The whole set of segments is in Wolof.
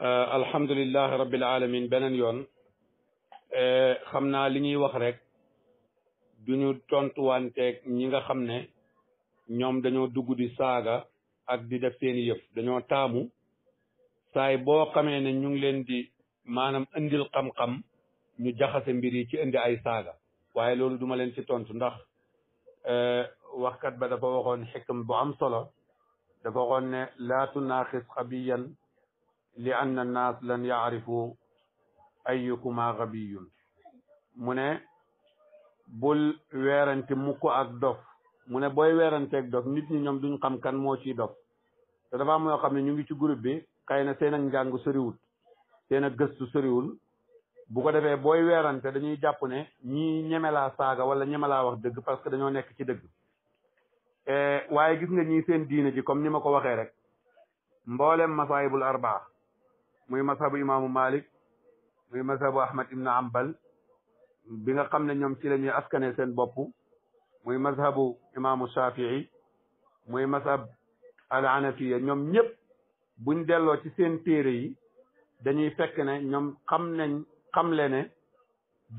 Euh, alhamdulilah rabbil alamin beneen yoon euh, xam naa li ñuy wax rek duñu tontuwanteeg ñi nga xam ne ñoom dañoo dugg di saaga ak di def seeni yëf dañoo taamu saay boo xamee ne ñu ngi leen di maanaam indil xam-xam ñu jaxase mbir ci indi ay saaga waaye loolu duma leen ci tontu ndax euh, waxkat ba dafa waxoon xikam bo am solo dafa waxoon ne laa tunaaxis xabiyan li anna annaas lan yaarifu ayyukuma gabiyun mu ne bul weerante mukk ak dof mu ne booy weeranteeg dof nit ñi ñoom duñ xam kan moo ciy dof te dafa am yoo xam ne ñu ngi ci groupe bi xëy na seen ak njàng soriwul seen ak gëstu soriwul bu ko defee booy weerante dañuy jàpp ne ñii ñemelaa saaga wala ñemelaa wax dëgg parce que dañoo nekk ci dëgg eh, waaye gis nga ñii seen diine ji comme ni ma ko waxee rek mboolem masaayibul arbaa muy masabu imaamu Malik muy masabu Ahmad ibn Ambal bi nga xam ne ñoom ci la askane seen boppu muy mazhabu imaamu Shafii muy mazhab al anafiya ñoom ñëpp buñ delloo ci seen téere yi dañuy fekk ne ñoom xam nañ xamle ne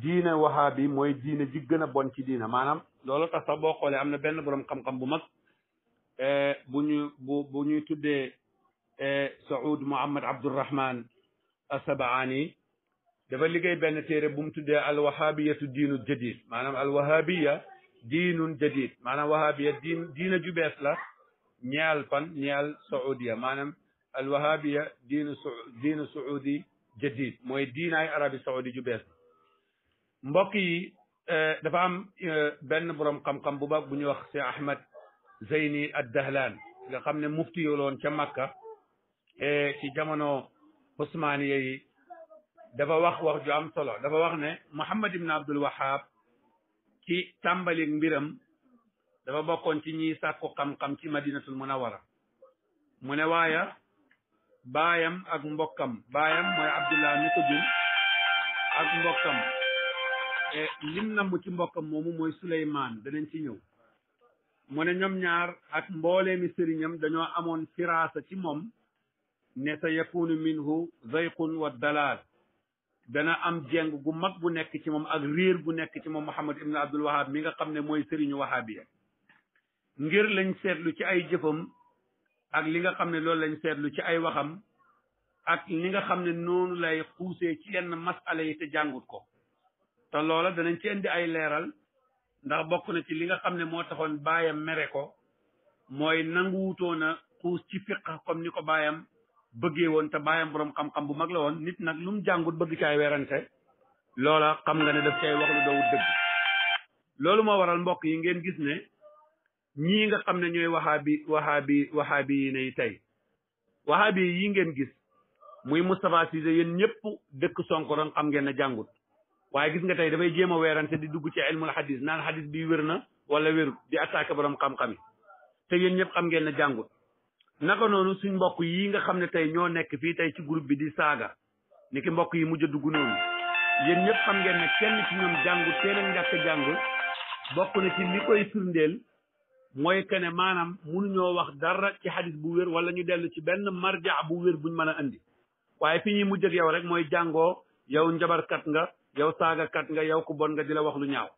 diine wahaabi mooy diine ji gën a bon ci diine maanaam loolu tax sax boo xoolee am na benn boroom xam-xam bu mag eh, bu buñu bu ñuy tuddee E Saoud Mouhamed Abdourahman Assabaani dafa liggéey benn téere bu mu tuddee alwahabiyatu diinu jadid maanaam alwahabiya diinun jadid maanaam wahabiya diin diina ju bees la ñeel fan ñeel saudiya maanaam alwahabiya diinu su diinu saudi jadid mooy diinaay arabi saudi ju bees mbokk yi e, dafa am e, benn borom xam-xam bu mag bu ñuy wax Cheikh Ahmed Zeyni ad Dahlan nga xam ne mufti yoloon ca Makka E, ci jamono osmaniya yi dafa wax wax ju am solo dafa wax ne Muhammad ibn Abdul Wahab ci tàmbalik mbiram dafa bokkoon ci ñiy sàkku xam-xam ci madinatul munawara mu ne waaye baayam ak mbokkam baayam mooy Abdullah mi ak mbokkam e, lim namm ci mbokkam moomu mooy Suleymaan danañ ci ñëw mu ne ñoom ñaar ak mbooleemi sëriñam dañoo amoon firaasa ci moom ne sa yakunu minhu zayqun wa dalaal dana am jeng gu mag bu nekk ci moom ak réer gu nekk ci moom Muhammad ibn Abdul Wahab mi nga xam ne mooy sëriñu wahaabiya ngir lañ seetlu ci ay jëfam ak li nga xam ne loolu lañ seetlu ci ay waxam ak ni nga xam ne noonu lay xuusee ci yenn masala yi te jàngut ko te loola danañ ci indi ay leeral ndax bokk na ci li nga xam ne moo taxoon baayam mere ko mooy nanguwutoon a xuus ci fiq comme ni ko baayam bëggee woon te bàyyam boroom xam-xam bu mag la woon nit nag lu mu jàngut bëgg caay werante loola xam nga ne daf cay wax lu dawut dëgg loolu moo waral mbokk yi ngeen gis ne ñii nga xam ne ñooy wahaabi wahaabi wahaabi yi ne tey wahaabi yi ngeen gis muy Moustapha Cissé yéen ñëpp dëkk Sonkoroon xam ngeen ne jàngut waaye gis nga tey dafay jéem a weerante di dugg ci ilmul xadis naan xadis bi wér na wala wérut di attaqué boroom xam-xam yi te yéen ñëpp xam ngeen ne jàngut naka noonu suñ mbokk yi nga xam ne tey ñoo nekk fii tey ci groupe bi di saaga ni ki mbokk yi mujj a dugg noonu yéen xam ngeen ne kenn ci ñoom jàngu teel a jàng bokk na ci li mooy que ne maanaam mënuñoo wax dara ci xadis bu wér wala ñu dellu ci benn marja bu wér mën a andi waaye fi ñuy mujj yow rek mooy jàngoo yow njabarkat nga yow saagakat nga yow ku bon nga di la wax lu ñaaw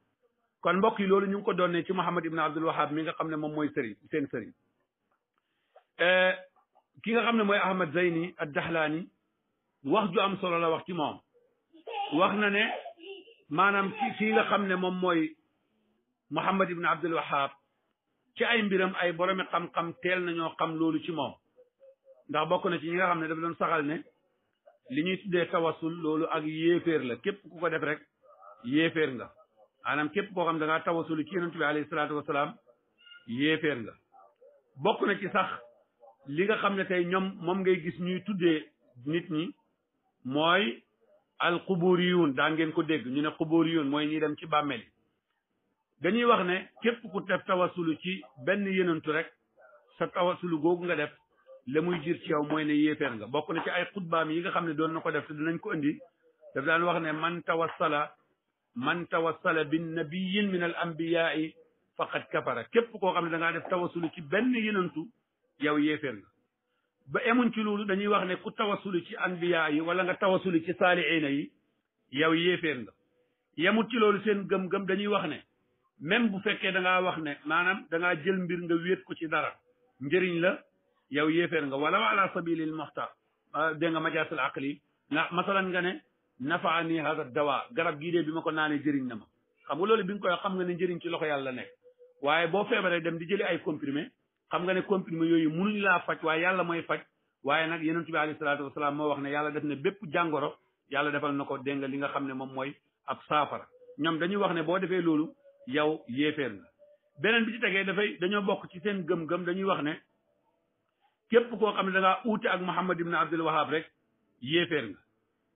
kon mbokk yi loolu ñu ngi ko doon ne ci Muhammad Ibn Abdul Wahab mi nga xam ne moom mooy sëriñ seen sëriñ Eh, ki nga xam ne mooy Ahmad Zeyni ad Dahlaani wax ju am solo la wax ci moom wax na ne maanaam ki nga xam ne moom mooy Muhammad ibn Abdul Wahab ci ay mbiram ay boromi xam-xam teel ñoo xam loolu ci moom ndax bokk na ci ñi nga xam ne dafa doon saxal ne li ñuy tuddee tawassul loolu ak yéeféer la képp ku ko def rek yéeféer nga maanaam képp koo xam da ngaa tawassul ci yonent bi alayhi salaatu wasalaam yéeféer nga bokk na ci sax li nga xam ne tay ñoom moom ngay gis ñuy tuddee nit ñi mooy alxuburiyun daa ngeen ko dégg ñu ne xuburiyun mooy ñi dem ci bàmmeel yi dañuy wax ne képp ku def tawasulu ci benn yenantu rek sa tawasulu googu nga def la muy jir ci yow mooy ne yéeféer nga bokk na ci ay xutbaam yi nga xam ne doon na ko def te dinañ ko indi daf daan wax ne man tawassala man tawassala bi nabiyin min al ambiyaai faqad kafara képp koo xam ne da ngaa def tawasulu ci benn yenantu yow yéeféer nga ba emuñ ci loolu dañuy wax ne ku tawasulu ci anbiya yi wala nga tawasulu ci saalihiina yi yow yéeféer nga yemut ci loolu seen gëm-gëm dañuy wax ne même bu fekkee da wax ne maanaam da jël mbir nga wéet ko ci dara njëriñ la yow yéeféer nga wala wa ala sabilil muxtar ah, dégg nga majaasul aqli ndax masalan nga ne nafaa ni hada dawa garab gii dee bi ma ko naanee jëriñ na ma xam nga loolu bi nga koy xam nga ne njëriñ ci loxo yàlla nekk waaye boo feebaree dem di jëli ay comprimé xam nga ne comprimé yooyu mënuñ laa faj waaye yàlla mooy faj waaye nag yonent bi alayhi salaatu wasalaam moo wax ne yàlla def ne bépp jàngoro yàlla defal na ko dégg nga li nga xam ne moom mooy ab saafara ñoom dañuy wax ne boo defee loolu yow yéeféer beneen bi tegee dafay dañoo bokk ci seen gëm-gëm dañuy wax ne képp koo xam ne da ngaa uute ak Muhammad ibn Abdul Wahab rek yéeféer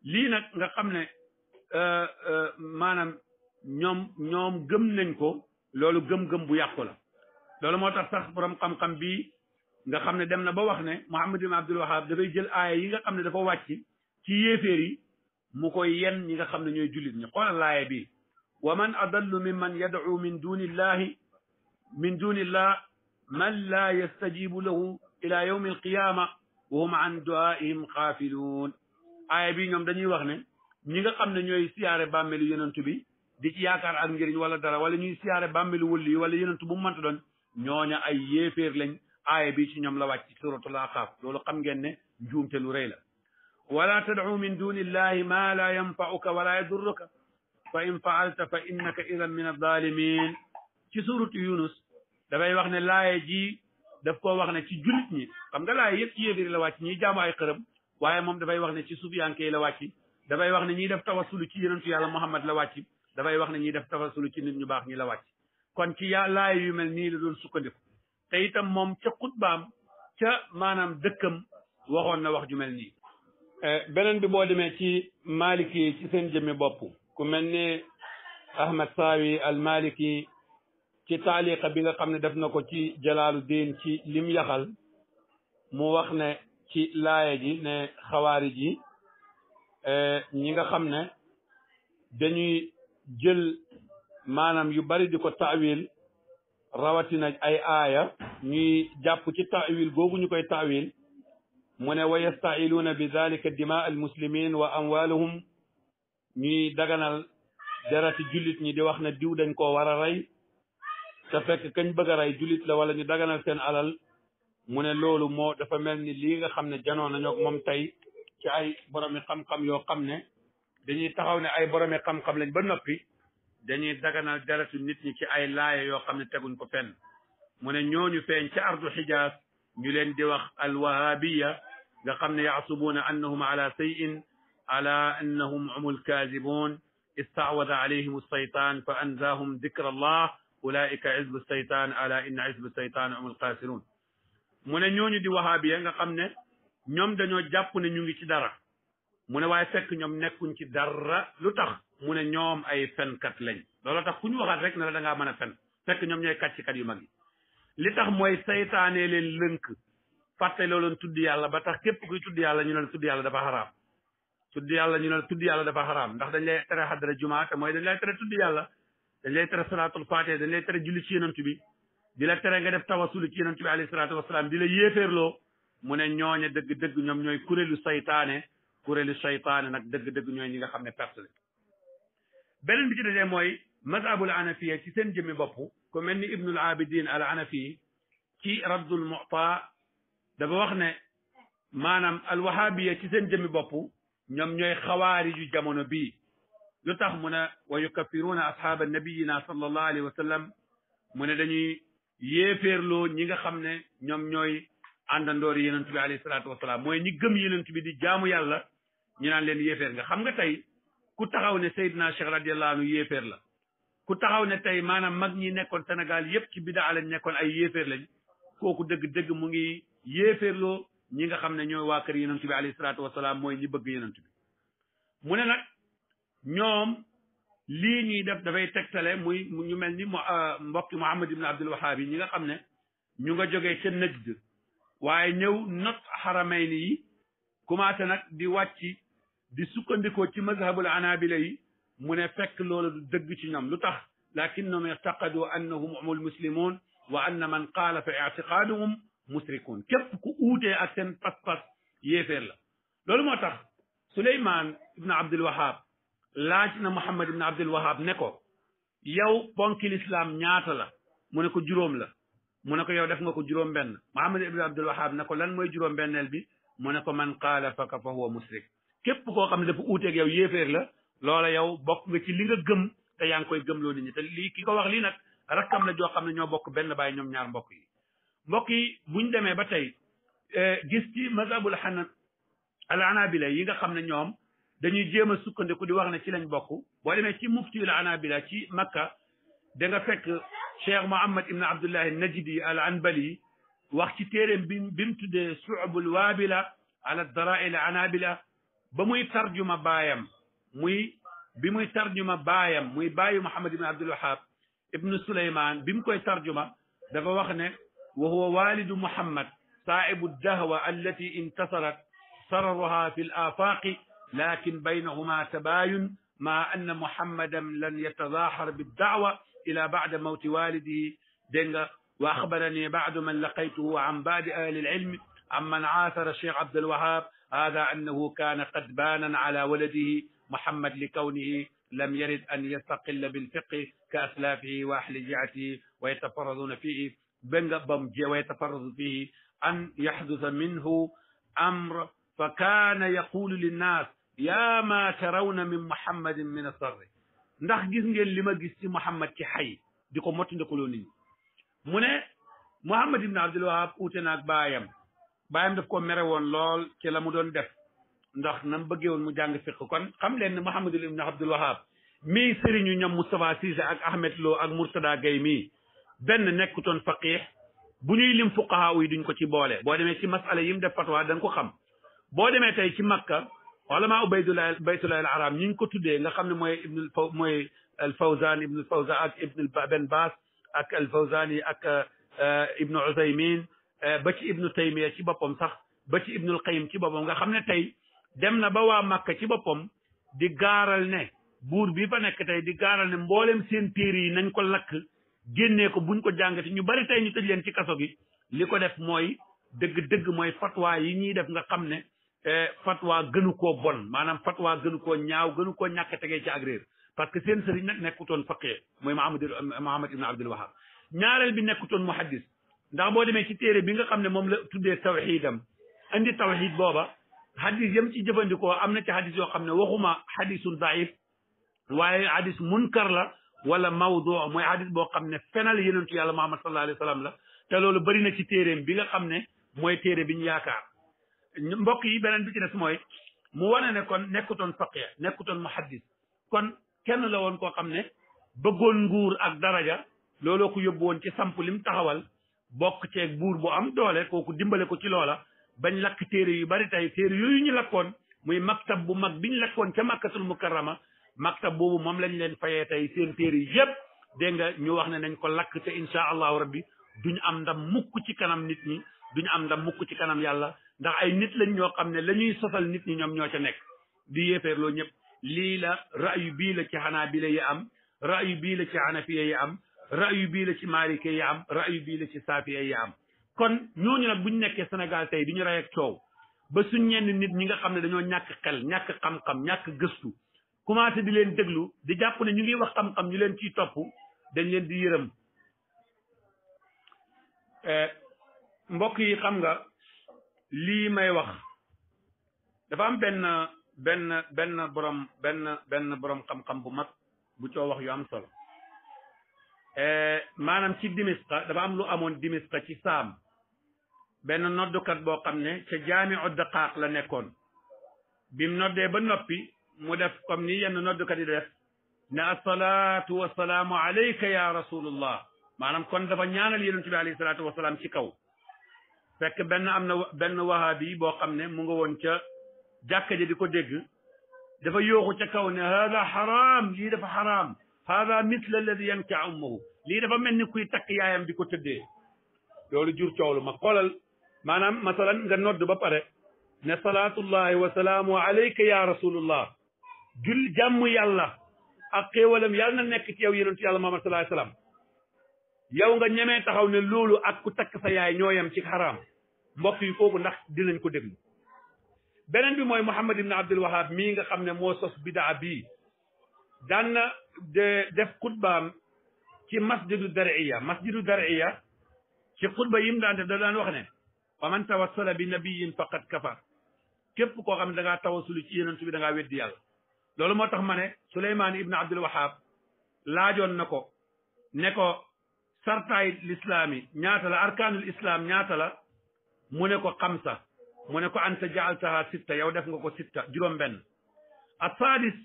lii nag nga xam ne euh, euh, maanaam ñoom ñoom gëm nañ ko loolu gëm-gëm bu yàqu la loolu moo tax sax borom xam-xam bii nga xam ne dem na ba wax ne Muhammad ibn Abdul Wahab dafay jël aaya yi nga xam ne dafa wàcc ci yéeféer mu koy yen ñi nga xam ne ñooy julit ñi xoolal laaya bii wa man adallu mimman yad'u min duni illahi min duni illah man la yastajibu lahu ila yawmi alqiyama wa hum an duaihim xaafiluun aaya bi ñoom dañuy wax ne ñi nga xam ne ñooy siyaare bàmmeelu yonent bi di ci yaakaar ak njëriñ wala dara wala ñuy siyaare bàmmeelu wëlli wala yonent bu mu mënta doon ñooña ay yéeféer lañ aaya bi ci ñoom la wàcc suratul Ahqaaf loolu xam ngeen ne njuumte lu rëy la wala tad'u min duni illahi ma la yanfa'uka wala yadurruka fa in fa'alta fa innaka idan min adh-dhalimin ci suratu Yunus dafay wax ne laaya ji daf koo wax ne ci jullit ñi xam nga laaya yëpp ci yéeféer la wàcc ñiy jaamu ay xërëm waaye moom dafay wax ne ci sufiyanke la wàcc dafay wax ne ñiy def tawasulu ci yonentu yàlla Muhammad la wàcc dafay wax ne ñiy def tawasulu ci nit ñu baax ñi la wàcc kon ci yàllaay yu mel nii la doon sukkandiku te moom ca xutbaam ca maanaam dëkkam waxoon na wax ju mel nii eh, beneen bi boo demee ci maliki ci seen jëmmi bopp ku mel ni ahmad saawi al maliki ci taaliqa bi nga xam ne def na ko ci jalaalu diin ci lim yaxal mu wax ne ci laaya ji ne xawaarij yi eh, ñi nga xam ne dañuy jël maanaam yu bari di ko taawil rawatina ay aaya ñuy jàpp ci taawil googu ñu koy taawil mu ne wa yastailuuna bi dalika dimaa al muslimin wa amwaluhum ñuy daganal derati jullit ñi di wax na diw dañ koo war a rey te fekk kañ bëgg a rey julit la wala ñu daganal seen alal mu ne loolu moo dafa mel ni lii nga xam ne janoo nañoo moom tey ci ay boromi xam-xam yoo xam ne dañuy taxaw ne ay boromi xam-xam lañ ba noppi dañuy daganal deretu nit ñi ci ay laaya yoo xam ne teguñ ko fenn mu ne ñooñu feeñ ca ardu xijaas ñu leen di wax alwahabiya nga xam ne yaasubuuna annahum ala seyin ala annahum humul kaazibun istaawada alayhim alseytaan fa anzaahum dikra allah ulaika izbu seytaan ala inna izbu seytaan humul mu ne ñooñu di wahabiya nga xam ne ñoom dañoo jàpp ne ñu ngi ci dara mu ne waaye fekk ñoom nekkuñ ci dara lu tax mu ne ñoom ay fenkat lañ loolu tax ku ñu waxaat rek ne la da ngaa mën a fen fekk ñoom ñooy kàccikat yu mag yi li tax mooy saytaanee leen lënk fàtte loo tudd yàlla ba tax képp ku tudd yàlla ñu leen tudd yàlla tudd yàlla ñu leen tudd yàlla dafa xaraam ndax dañ lay tere xadara jumaa te mooy dañ lay tere tudd yàlla dañ lay tere salaatul faatiha dañ lay tere julli ci yonent bi di la tere nga def tawasul ci yonent bi alayhi salaatu wasalaam di la yéeféerloo mu ne ñooñe dëgg-dëgg ñoom ñooy kuréelu saytaane kuréelu saytaane nag dëgg-dëgg ñooy ñi nga xam ne perte beneen bi ci desee mooy mazhabul anafiya ci seen jëmmi bopp ko mel ni ibnul abidin al anafi ci rabdul mu'ta dafa wax ne maanaam al wahabiya ci seen jëmmi bopp ñoom ñooy xawaari yu jamono bii lu tax mu ne wa yukaffiruuna ashaaba nabiyina sallallahu alayhi wa sallam mu ne dañuy yéeféerloo ñi nga xam ne ñoom ñooy àndandoori yenentu bi alayhi salaatu wasalaam mooy ñi gëm yenentu bi di jaamu yàlla ñu naan leen yéeféer nga xam nga tey ku taxaw ne Seydina Cheikh radiyallahu anhu yéeféer la ku taxaw ne tey maanaam mag ñi nekkoon Sénégal yépp ci bidaa lañ nekkoon ay yéeféer lañ kooku dëgg-dëgg mu ngi yéeféerloo ñi nga xam ne ñooy waa kër yonent bi alayhi salaatu wasalaam mooy ñi bëgg yonent bi mu ne nag ñoom li ñuy def dafay tegtale muy mu ñu mel ni euh, mbokki Muhammad ibn Abdul Wahhab yi ñi nga xam ne ñu nga jógee ca Najd waaye ñëw not xaramayni yi commencé nag di wàcc di sukkandikoo ci mazhabul anabila yi mu ne fekk loolu du dëgg ci ñam lu tax lakinnahum irtaqadu annahum humul muslimun wa anna man qaala fa i'tiqaaduhum musrikun képp ku uutee ak seen pas-pas yéeféer la loolu moo tax suleyman ibn abdul wahab laaj na muhammad ibn abdul wahab ne ko yow ponki lislaam ñaata la mu ne ko juróom la mu ne ko yow def nga ko juróom benn muhammad ibn abdul ne ko lan mooy juróom benneel bi mu ne ko man qaala faka fa huwa musrik képp koo xam ne dafa uuteeg yow yéeféer la loola yow bokk nga ci li nga gëm te yaa ngi koy gëmloo nit ñi te lii ki ko wax lii nag rakkam la joo xam ne ñoo bokk benn baay ñoom ñaar mbokk yi mbokk yi buñ demee ba tey eh, gis ci mazhabul xana al anabila yi nga xam ne ñoom dañuy jéem a sukkandiku di wax ne ci lañ bokk boo demee ci la anabila ci makka da nga fekk cheikh mohammad ibn abdullahi najdi al anbali wax ci téeréem bi bi mu tuddee suubul waabila ala darail anabila ba muy tarjuma baayam muy bi muy tarjuma baayam muy baayu Muhammad ibn Abdul Wahab ibnu Suleymaan bi mu koy tarjuma dafa wax ne wa huwa walidu Muhammad saahibu dahwa allati intasarat sararuha fi l afaqi lakin baynahuma tabayun ma anna Muhammadan lan yatazahar biddaawa ila ba'da mawti walidihi dégg nga wa axbarani ba'du man laqaytuhu an ba'di ahli l ilmi am man aasara Cheikh Abdul Wahab هذا أنه كان قدبانا على ولده محمد لكونه لم يرد أن يستقل بالفقه كأسلافه وأهل جعته ويتفرضون فيه ويتفرض فيه أن يحدث منه أمر فكان يقول للناس يا ما ترون من محمد من السر ndax gis ngeen li ma gis ci Muhammad ci xay di ko mottandikoo nit ñi mu ne Muhammad ibn Abdul Wahab uute naag baayam bàyyam daf ko mere woon lool ci la mu doon def ndax na mu bëggee woon mu jàng fiq kon xam leen ne Mouhamadul Ibn Abdul Wahab mii sëriñu mu Moustapha Cissé ak Ahmed Lo ak Mourtada Gueye mii benn toon faqih bu ñuy lim fuqaha yi duñ ko ci boole. boo demee ci masala yi mu def fatwa da nga ko xam boo demee tey ci makka ulama Ubaydullah Baytullah al Haram ñi ngi ko tuddee nga xam ne mooy ibnul faw mooy al Fawzan ibnul Fawza ak ibnul Ben Baas ak al Fawzani ak euh, ibnu Usaymin Eh, ba ci ibnu taymiya ci boppam sax ba ci ibnul qayyim ci boppam nga xam ne tey dem na ba waa màkka ci boppam di gaaral ne buur bii fa nekk tey di gaaral ne mboolem seen téere yi nañ ko lakk génnee ko buñ ko jàngati ñu bari tey ñu tëj leen ci kaso gi li ko def mooy dëgg-dëgg mooy fatwa yi ñuy def nga xam ne eh, fatwa gënu koo bon maanaam fatwa gënu koo ñaaw gënu koo ñàkk tegee ci ak parce que seen sëriñ nag nekkutoon faqih mooy Mahamad Mahamad ibn Abdul Wahab ñaareel bi nekkutoon muhaddis ndax boo demee ci téere bi nga xam ne moom la tuddee tawxiidam andi tawxiid booba hadis yam ci jëfandikoo am na ci hadis yoo xam ne waxuma hadisun daif waaye hadis munkar la wala mawdu mooy hadis boo xam ne fenal yenentu yàlla muhammad sallallahu alayhi wa sallam la te loolu bëri na ci téereem bi nga xam ne mooy téere bi ñu yaakaar mbokk yi beneen bi ci des mooy mu wane ne kon nekkutoon faqih nekkutoon muhaddis kon kenn la woon koo xam ne bëggoon nguur ak daraja looloo ko yóbbu woon ci samp lim taxawal bokk ceeg buur bu am doole kooku dimbale ko ci loola bañ lakk téere yu bari tey téere yooyu ñu lakkoon muy maktab bu mag biñ lakkoon ca makkatul mukarrama maktab boobu moom lañ leen fayee tey seen téere yëpp dégg nga ñu wax ne nañ ko lakk te insha allahu rabbi duñ am ndam mukk ci kanam nit ñi duñu am ndam mukk ci kanam yàlla ndax ay nit lañ ñoo xam ne la ñuy sosal nit ñi ñoom ñoo ca nekk di yéeféerloo ñëpp lii la rayu bii la ci xanaa bi la yi am rayu bii la ci xanafiya am rayu bii la ci maalike yi am rayu bii la ci saafiya yi am kon ñooñu nag bu ñu nekkee Sénégal tey du ñu rey ak coow ba su nit ñi nga xam ne dañoo ñàkk xel ñàkk xam-xam ñàkk gëstu commencé di leen déglu di jàpp ne ñu ngi wax xam-xam ñu leen ciy topp dañ leen di yërëm eh, mbokk yi xam nga lii may wax dafa am benn benn benn borom benn benn borom xam-xam bu mag bu coo wax yu am solo Eh, maanaam ci dimisqa dafa am lu amoon dimisqa ci saam benn noddukat boo xam ne ca jaamiu daqaaq la nekkoon bim noddee ba noppi mu def comme ni yenn noddukat yi def ne asalaatu wasalaamu alayka ya rasulullah maanaam kon dafa ñaanal yonent bi alayhi salaatu wasalaam ci kaw fekk benn am na benn wahabi boo xam ne mu nga woon ca jàkka ja di ko dégg dafa yooxu ca kaw ne hada xaraam lii dafa xaraam hada misle alladi yanka ummahu lii dafa mel ni kuy takk yaayam di ko tëddee loolu jur coow lu ma xoolal maanaam masalan nga nodd ba pare ne salaatullahi wa salaamu alayka ya rasulullah jul jàmm yàlla ak xéewalam yàlla na nekk ci yow yonentu yàlla Muhammad sallallahu alayhi wasallam yow nga ñemee taxaw ne loolu ak ku takk sa yaay ñooyam ci xaraam mbokk yi kooku ndax dinañ ko déglu beneen bi mooy Muhammad ibn Abdul Wahab mii nga xam ne moo sos bidaa bii daan na def xutbaam ci masjidu dariya masjidu dariya ci xutba yim daan def da daan wax ne wa man tawassala bi nabiyin faqad kafar képp koo xam ne da ngaa tawasulu ci yonent bi da ngaa weddi yàlla loolu moo tax ma ne Suleymaan ibn Abdul Wahab laajoon na ko ne ko sartaay lislaam yi ñaata la arkaanul islaam ñaata la mu ne ko xamsa mu ne ko anta jaaltaha sitta yow def nga ko sitta juróom benn asaadis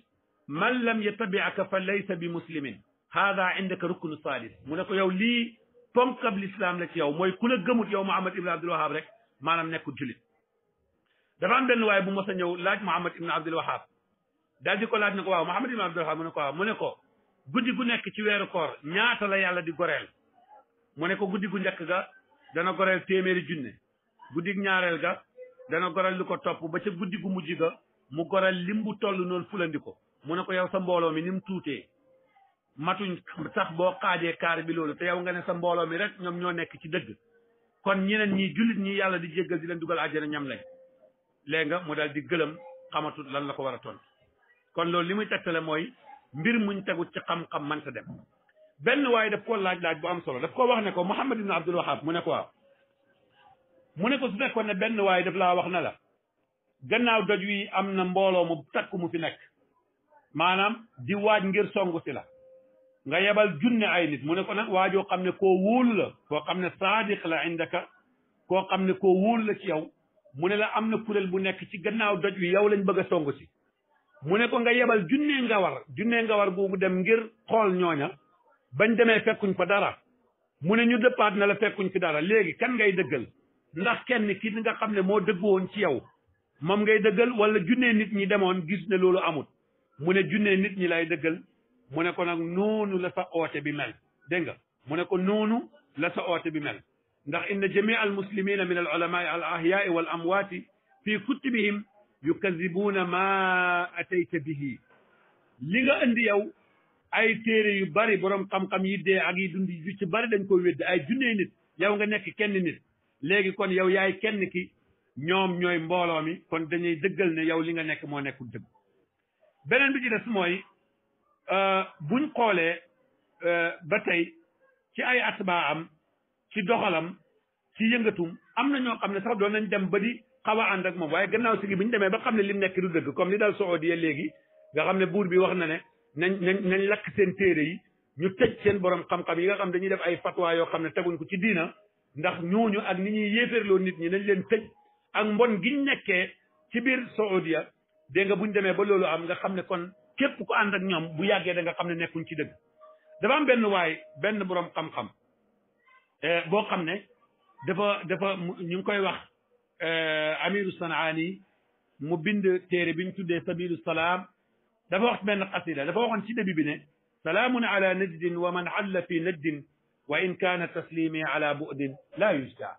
man lam yattabiaka fa laysa bi muslimin hada indaka ruknu salis mu ne ko yow lii ponkab lislaam la ci yow mooy ku la gëmut yow Muhammad ibn Abdul Wahab rek maanaam nekkul julit dafa am benn waaye bu mos a ñëw laaj Muhammad ibn Abdul Wahab daal di ko laaj ne ko waaw Muhammad ibn Abdul Wahab mu ne ko mu ne ko guddi gu nekk ci weeru koor ñaata la yàlla di goreel mu ne ko guddi gu njëkk ga dana goreel téeméeri junne guddi ñaareel ga dana goreel lu ko to ba ca guddi gu mujj ga mu goreel bu toll noonu fulandi ko mu ne ko yow sa mbooloo mi ni mu tuutee matuñ sax boo xaajee kaar bi loolu te yow nga ne sa mbooloo mi rek ñoom ñoo nekk ci dëgg kon ñeneen ñi jullit ñi yàlla di jéggal di leen dugal àjjana ñam lañ léegi nga mu daal di gëlëm xamatut lan la ko war a tontu kon loolu li muy tegtale mooy mbir muñ tegut ci xam-xam mënta dem benn waaye daf koo laaj laaj bu am solo daf koo wax ne ko Muhammad ibn Abdul Wahab mu ne ko waaw mu ne ko su fekkoon ne benn waaye daf laa wax na la gannaaw doj wi am na mbooloo mu takk mu fi nekk maanaam di waaj ngir songu si la nga yebal junne ay nit mu ne ko nag waajoo xam ne koo wóolu la koo xam ne saadiq la indaka koo xam ne ko wóolu la ci yow mu ne la am na kuréel bu nekk ci gannaaw doj wi yow lañ bëgg a songu si mu ne ko nga yebal junnee nga junne junnee nga war dem ngir xool ñooña bañ demee fekkuñ ko dara mu ne ñu dëppaat na la fekkuñ fi dara léegi kan ngay dëggal ndax kenn ki nga xam ne moo dëgg woon ci yow moom ngay dëggal wala junnee nit ñi demoon gis ne loolu amut mu ne junne nit ñi lay dëggal mu ne ko nag la sa oote bi mel dégg nga mu ne ko noonu la sa oote bi mel ndax inna jamia al muslimina min al ulamai al ahyaai wal amwaati fi kutubihim yukadibuuna ma atayta bihi li nga indi yow ay téere yu bari borom xam-xam yi dee ak yi dund yu ci bari dañ ko wéddi ay junnee nit yow nga nekk kenn nit léegi kon yow yaay kenn ki ñoom ñooy mbooloo mi kon dañuy dëggal ne yow li nga nekk moo nekkul dëgg beneen bi ci des mooy euh, buñ xoolee euh, ba tey ci ay baa am ci doxalam ci yëngatum am na ñoo xam ne sax doon nañ dem ba di xaw a ànd ak moom waaye gannaaw si gi bi ñu demee ba xam ne lim nekk du dëgg comme li dal Saoudiya léegi nga xam ne buur bi wax na ne nañ nañ nañ lakk seen téere yi ñu tëj seen borom xam-xam yi nga xam dañuy def ay fatwa yoo xam ne teguñ ko ci diina ndax ñooñu ak ni ñuy yéeferloo nit ñi nañ leen tëj ak mbon giñ nekkee ci biir Saoudiya dégg nga bu ñu demee ba loolu am nga xam ne kon képp ku ànd ak ñoom bu yàggee da nga xam ne nekkuñ ci dëgg dafa am benn waay benn boroom xam-xam eh, boo xam ne dafa dafa ñu ngi koy wax eh, amiru sanaani mu bind téere bi ñu tuddee sabilu salaam dafa wax benn xasida dafa waxoon ci début bi ne salaamun ala najdin wa man alla fi najdin wa in kaana taslimi ala bu'din laa yujda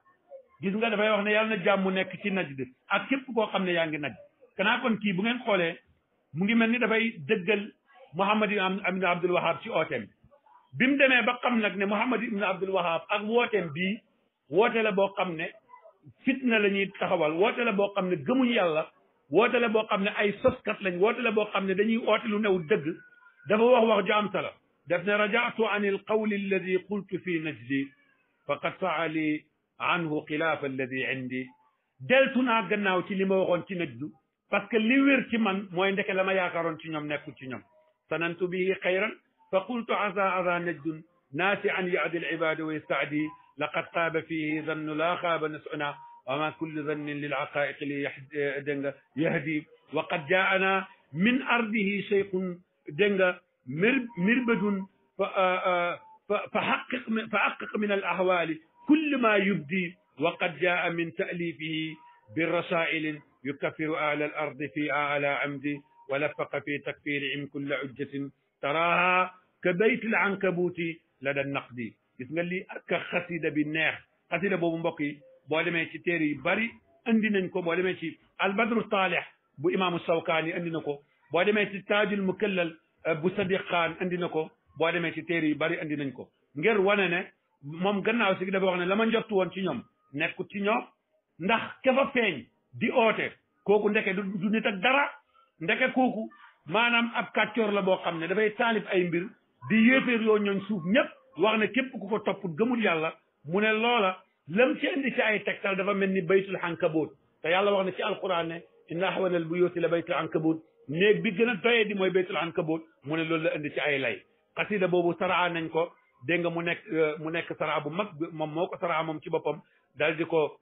gis nga dafay wax ne yàlla na jàmm nekk ci najd ak képp koo xam ne yaa ngi najd kanaa kon kii bu ngeen xoolee mu ngi mel ni dafay dëggal Muhammad ibn Abdul Wahab ci ooteem bi mu demee ba xam nag ne Muhammad ibn Abdul Wahab ak wooteem bii woote la boo xam ne fitna la ñuy taxawal woote la boo xam ne gëmuñu yàlla woote la boo xam ne ay soskat lañ woote la boo xam ne dañuy oote lu new dëgg dafa wax wax ju am solo def ne rajaatu an il qawli alladi qultu fi najdi faqad faali anhu xilaafa alladi indi deltu naa gannaaw ci li ma waxoon ci najdu parce que li wér ci man mooy ndeke la ma yaakaaroon ci ñoom nekkul ci ñoom sanantu bihi xayran fa qultu asa asa najdun naasi an yaadi alibada wa yastaadi laqad xaaba fihi zannu laa xaaba nasuna wa ma kullu zannin lil aqaiqi li dégg nga yahdi wa qad jaana min ardihi cheyqun dégg nga mir mirbadun fa fa xaqiq fa xaqiq min al ahwali kulli ma yubdi wa qad jaa min taalifihi bi rasailin يكفر أهل الأرض في أعلى عمد ولفق في تكفيرهم كل عجة تراها كبيت العنكبوت لدى النقد gis nga lii ak xasida bi neex xasida boobu mbokk yi boo demee ci téere yu bari andi nañ ko boo demee ci albadru saalih bu imaamu sawkaani andi na ko boo demee ci taajul mukallal eh, bu sadiq xaan andi na ko boo demee ci téere yu bari andi nañ ko ngir wane ne moom gannaaw si dafa wax ne la ma njottu woon ci ñoom nekku ci ñoom ndax kefa feeñ di oote kooku ndeke du du nit ak dara ndeke kooku maanaam ab kàccoor la boo xam ne dafay taalif ay mbir di yéeféer yoo ñooñ suuf ñépp wax ne képp ku ko topp gëmul yàlla mu ne loola lam ci ay tegtal dafa mel ni baytul ankabut te yàlla wax ne ci alquran ne inna ahwanal buyuti la baytul ankabut néeg bi gën a doyee di mooy baytul ankabut mu ne loolu la indi ci ay lay xasida boobu saraa nañ ko dégg nga mu nekk euh, mu nekk saraa bu mag moom moo ko saraa moom ci boppam dal di ko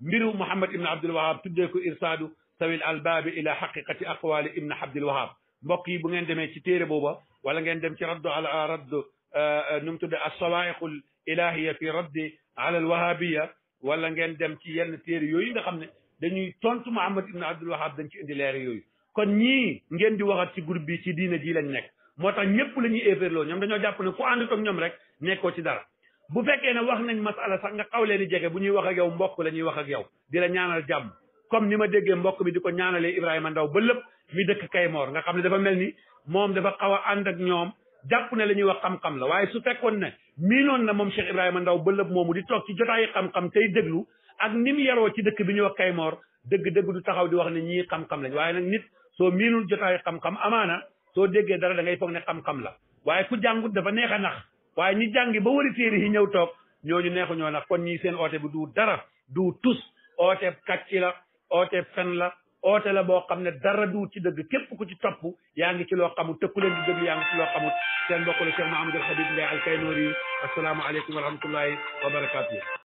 mbiru Mouhamad Ibn Abdul Wahab tuddee ko irsaadu sawil albaabi ila xaqiqati aqwaali Ibn Abdul Wahab mbokk yi bu ngeen demee ci téere booba wala ngeen dem ci raddu ala euh, raddu euh, nu mu tuddee assawaayiqul ilaahiya fi raddi ala alwahabiya wala ngeen dem ci yenn téere yooyu nga xam ne dañuy tontu Mouhamad Ibn Abdul Wahab dañ ci indi leer yooyu kon ñii ngeen di waxat ci groupe bi ci diina ji lañ nekk moo tax ñëpp la ñuy éferloo ñoom dañoo jàpp ne ku àndut ak ñoom rek nekkoo ci dara bu fekkee na wax nañ masala sax nga xaw leen di jege bu ñuy wax ak yow mbokk la ñuy wax ak yow di la ñaanal jàmm comme ni ma déggee mbokk mi di ko ñaanalee Ibrahima Ndaw ba lépp mi dëkk Kaymoor nga xam ne dafa mel ni moom dafa a ànd ak ñoom jàpp ne la ñuy wax xam la waaye su fekkoon ne miinoon na moom Cheikh Ibrahima Ndaw ba lépp moomu di toog ci jotaayi xam-xam tey déglu ak ni mu yaroo ci dëkk bi ñuy wax Kaymoor dëgg-dëgg du taxaw di wax ne ñii xam-xam lañ waaye nag nit soo miinul jotaayi xam-xam amaana soo déggee dara da ngay foog ne xam la waaye ku jàngut dafa neex a nax waaye ñi jàngi ba wari téere yi ñëw toog ñooñu neexu ñoo nag kon ñii seen oote bi du dara du tus ooteeb kàcc la ooteeb fen la oote la boo xam ne dara du ci dëgg képp ku ci topp yaa ngi ci loo xamut te ku leen di déglu yaa ngi ci loo xamut seen mbokk la Cheikh Mahamadou Habib Ndiaye Alkaynori yi asalaamaaleykum wa rahmatullahi wa barakaatu